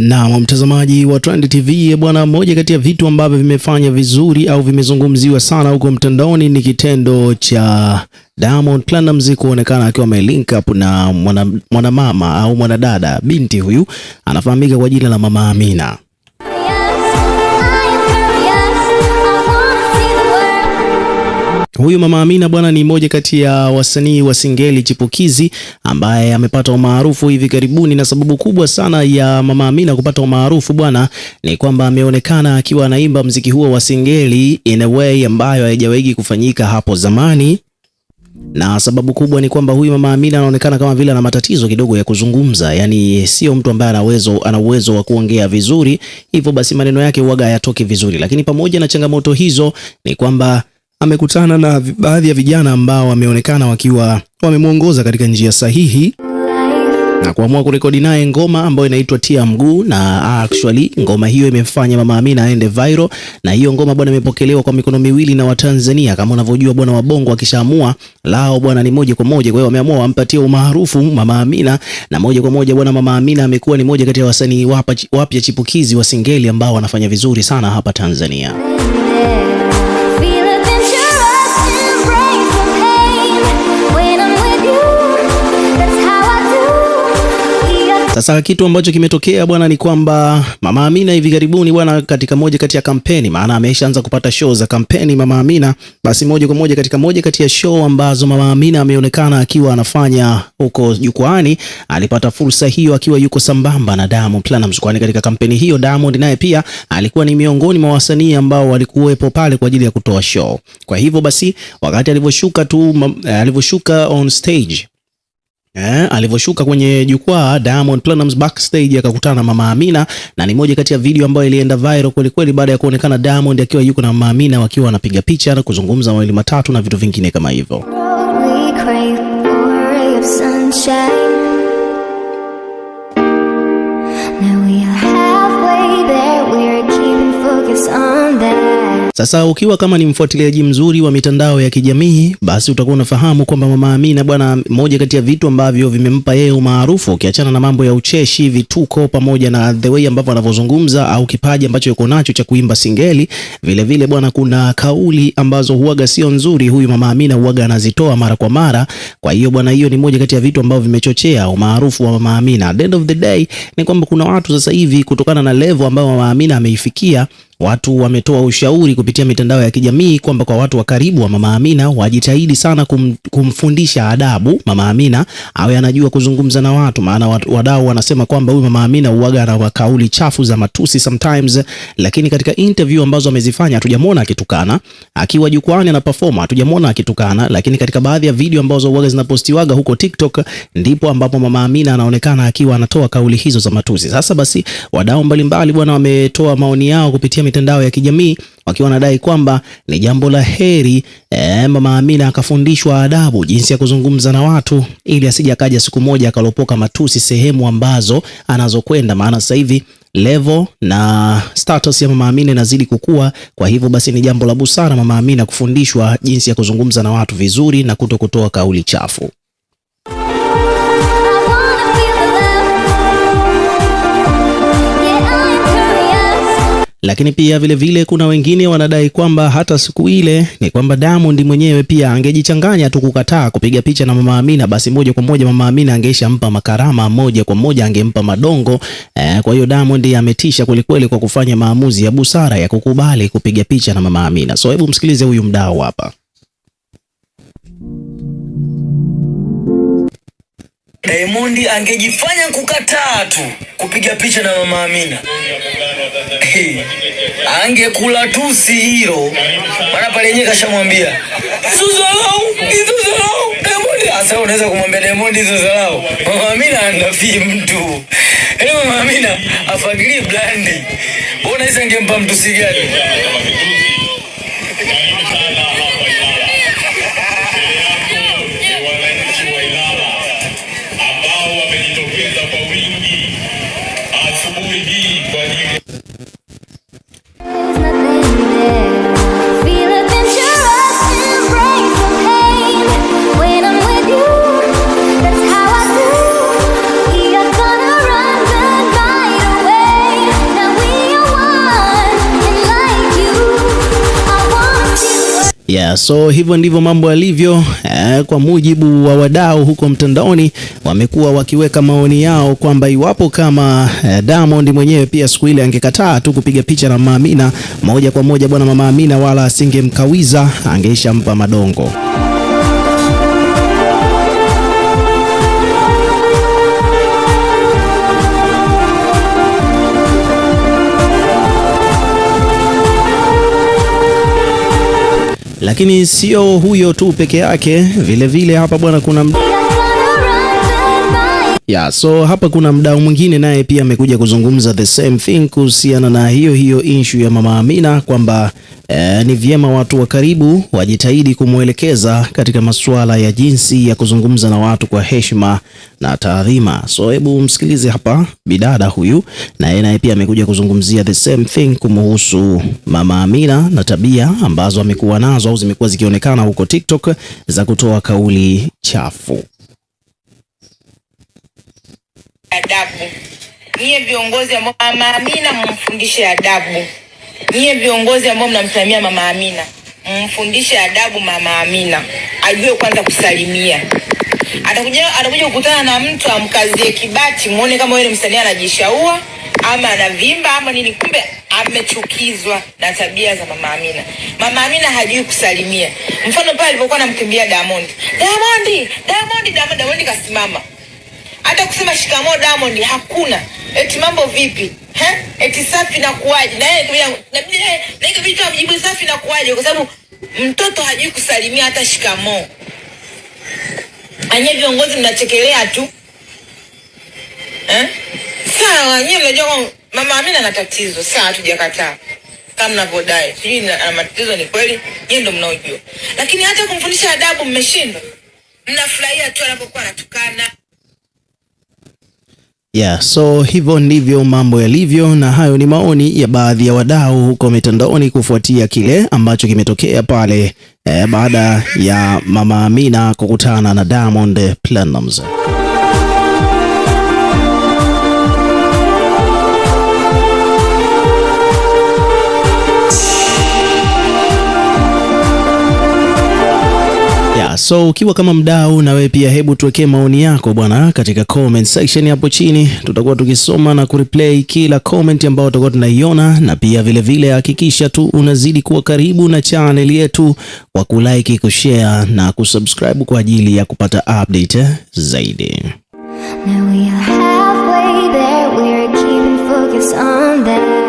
Na mtazamaji wa Trend TV bwana, moja kati ya vitu ambavyo vimefanya vizuri au vimezungumziwa sana huko mtandaoni ni kitendo cha Diamond Platnumz kuonekana akiwa amelink up na mwanamama mwana au mwanadada, binti huyu anafahamika kwa jina la Mama Amina. Huyu Mama Amina bwana ni mmoja kati ya wasanii wa singeli chipukizi ambaye amepata umaarufu hivi karibuni, na sababu kubwa sana ya Mama Amina kupata umaarufu bwana ni kwamba ameonekana akiwa anaimba mziki huo wa singeli in a way ambayo haijawahi kufanyika hapo zamani na sababu kubwa ni kwamba huyu Mama Amina anaonekana kama vile ana matatizo kidogo ya kuzungumza, yaani sio mtu ambaye ana uwezo ana uwezo wa kuongea vizuri, hivyo basi maneno yake huaga hayatoki vizuri. Lakini pamoja na changamoto hizo ni kwamba amekutana na baadhi ya vijana ambao wameonekana wakiwa wamemwongoza katika njia sahihi na kuamua kurekodi naye ngoma ambayo inaitwa Tia Mguu, na actually ngoma hiyo imemfanya Mama Amina aende viral, na hiyo ngoma bwana imepokelewa kwa mikono miwili na Watanzania. Kama unavyojua bwana, wabongo akishaamua lao bwana ni moja kwa moja, kwa hiyo wameamua wampatie umaarufu Mama Amina, na moja kwa moja bwana, Mama Amina amekuwa ni moja kati ya wasanii wapya chipukizi wa singeli ambao wanafanya vizuri sana hapa Tanzania. Sasa kitu ambacho kimetokea bwana ni kwamba Mama Amina hivi karibuni bwana, katika moja kati ya kampeni, maana ameshaanza kupata show za kampeni Mama Amina, basi moja kwa moja katika moja kati ya show ambazo Mama Amina ameonekana akiwa anafanya huko jukwaani, alipata fursa hiyo akiwa yuko sambamba na Diamond Platnumz, kwani katika kampeni hiyo Diamond naye pia alikuwa ni miongoni mwa wasanii ambao walikuwepo pale kwa ajili ya kutoa show. Kwa hivyo basi, wakati alivyoshuka tu eh, alivyoshuka on stage eh, alivyoshuka kwenye jukwaa Diamond Platnumz backstage akakutana na Mama Amina, na ni moja kati ya video ambayo ilienda viral kweli kweli, baada ya kuonekana Diamond akiwa yuko na Mama Amina wakiwa wanapiga picha na kuzungumza mawili matatu na vitu vingine kama hivyo. Sasa ukiwa kama ni mfuatiliaji mzuri wa mitandao ya kijamii, basi utakuwa unafahamu kwamba Mama Amina bwana, moja kati ya vitu ambavyo vimempa yeye umaarufu, ukiachana na mambo ya ucheshi, vituko, pamoja na the way ambavyo anavyozungumza au kipaji ambacho yuko nacho cha kuimba singeli, vile vile bwana, kuna kauli ambazo huaga sio nzuri, huyu Mama Amina huaga anazitoa mara kwa mara. Kwa hiyo bwana, hiyo ni moja kati ya vitu ambavyo vimechochea umaarufu wa Mama Amina. At the end of the day ni kwamba kuna watu sasa hivi kutokana na level ambayo Mama Amina ameifikia Watu wametoa ushauri kupitia mitandao ya kijamii kwamba kwa watu wa karibu wa Mama Amina wajitahidi sana kum, kumfundisha adabu Mama Amina, awe anajua kuzungumza na watu, maana wadau wanasema kwamba huyu Mama Amina huaga na kauli chafu za matusi sometimes, lakini katika interview ambazo amezifanya hatujamwona akitukana. Akiwa jukwani na perform hatujamwona akitukana, lakini katika baadhi ya video ambazo huaga zinapostiwaga huko TikTok ndipo ambapo Mama Amina anaonekana akiwa anatoa kauli hizo za matusi. Sasa basi, wadau mbalimbali bwana wametoa maoni yao kupitia mitandao ya kijamii wakiwa wanadai kwamba ni jambo la heri eh, Mama Amina akafundishwa adabu jinsi ya kuzungumza na watu ili asije akaja siku moja akalopoka matusi sehemu ambazo anazokwenda, maana sasa hivi level na status ya Mama Amina inazidi kukua. Kwa hivyo basi, ni jambo la busara Mama Amina kufundishwa jinsi ya kuzungumza na watu vizuri na kuto kutoa kauli chafu. Lakini pia vilevile vile kuna wengine wanadai kwamba hata siku ile ni kwamba Diamond mwenyewe pia angejichanganya tu kukataa kupiga picha na Mama Amina, basi moja kwa moja Mama Amina angeisha mpa makarama, moja kwa moja angempa madongo eh. Kwa hiyo Diamond ametisha kwelikweli kwa kufanya maamuzi ya busara ya kukubali kupiga picha na Mama Amina. So hebu msikilize huyu mdau hapa. Eh, Diamond angejifanya kukataa tu kupiga picha na Mama Amina hey, eh, angekula tusi hiyo, maana pale yenyewe kashamwambia zuzalau, zuzalau. Eh, Diamond asa, unaweza kumwambia Diamond zuzalau? Mama Amina anafii mtu. Yaani Mama Amina afagilie blandi. Wewe unaweza angempa mtu gani? Yeah, so hivyo ndivyo mambo yalivyo eh, kwa mujibu wa wadau huko mtandaoni wamekuwa wakiweka maoni yao kwamba iwapo kama eh, Diamond mwenyewe pia siku ile angekataa tu kupiga picha na Mama Amina moja kwa moja, bwana Mama Amina wala asingemkawiza, angeishampa madongo. Lakini sio huyo tu peke yake, vilevile vile hapa bwana kuna Yeah, so hapa kuna mdau mwingine naye pia amekuja kuzungumza the same thing kuhusiana na hiyo hiyo issue ya Mama Amina kwamba eh, ni vyema watu wa karibu wajitahidi kumwelekeza katika masuala ya jinsi ya kuzungumza na watu kwa heshima na taadhima. So hebu msikilize hapa bidada huyu yeye naye pia amekuja kuzungumzia the same thing kumhusu Mama Amina na tabia ambazo amekuwa nazo au zimekuwa zikionekana huko TikTok za kutoa kauli chafu adabu. Nyie viongozi ambao Mama Amina mumfundishe adabu. Nyie viongozi ambao mnamsimamia Mama Amina mfundishe adabu Mama Amina, ajue kwanza kusalimia. Atakuja atakuja kukutana na mtu amkazie kibati, muone kama yule msanii anajishaua ama anavimba ama nini, kumbe amechukizwa na tabia za Mama Amina. Mama Amina hajui kusalimia. Mfano pale alipokuwa anamkimbia Diamond, Diamond, Diamond, Diamond, Diamond kasimama hata kusema shikamo Diamond hakuna, eti mambo vipi, he, eti safi na kuwaje, na yeye inabidi na hiyo vitu amjibu safi na kuwaje, kwa sababu mtoto hajui kusalimia hata shikamo. Anye viongozi mnachekelea tu eh? Sawa, nyie mnajua mama Amina ana tatizo sawa, tujakataa kama mnavyodai, sijui na matatizo ni kweli, nyie ndio mnaojua, lakini hata kumfundisha adabu mmeshindwa. Mnafurahia tu anapokuwa anatukana. Yeah, so hivyo ndivyo mambo yalivyo, na hayo ni maoni ya baadhi ya wadau huko mitandaoni kufuatia kile ambacho kimetokea pale eh, baada ya Mama Amina kukutana na Diamond Platnumz. So ukiwa kama mdau na wewe pia, hebu tuwekee maoni yako bwana katika comment section hapo chini, tutakuwa tukisoma na kureplay kila comment ambayo tutakuwa tunaiona, na pia vilevile hakikisha tu unazidi kuwa karibu na channel yetu kwa kulike, kushare na kusubscribe kwa ajili ya kupata update zaidi. Now we are halfway there, we're keeping focus on that.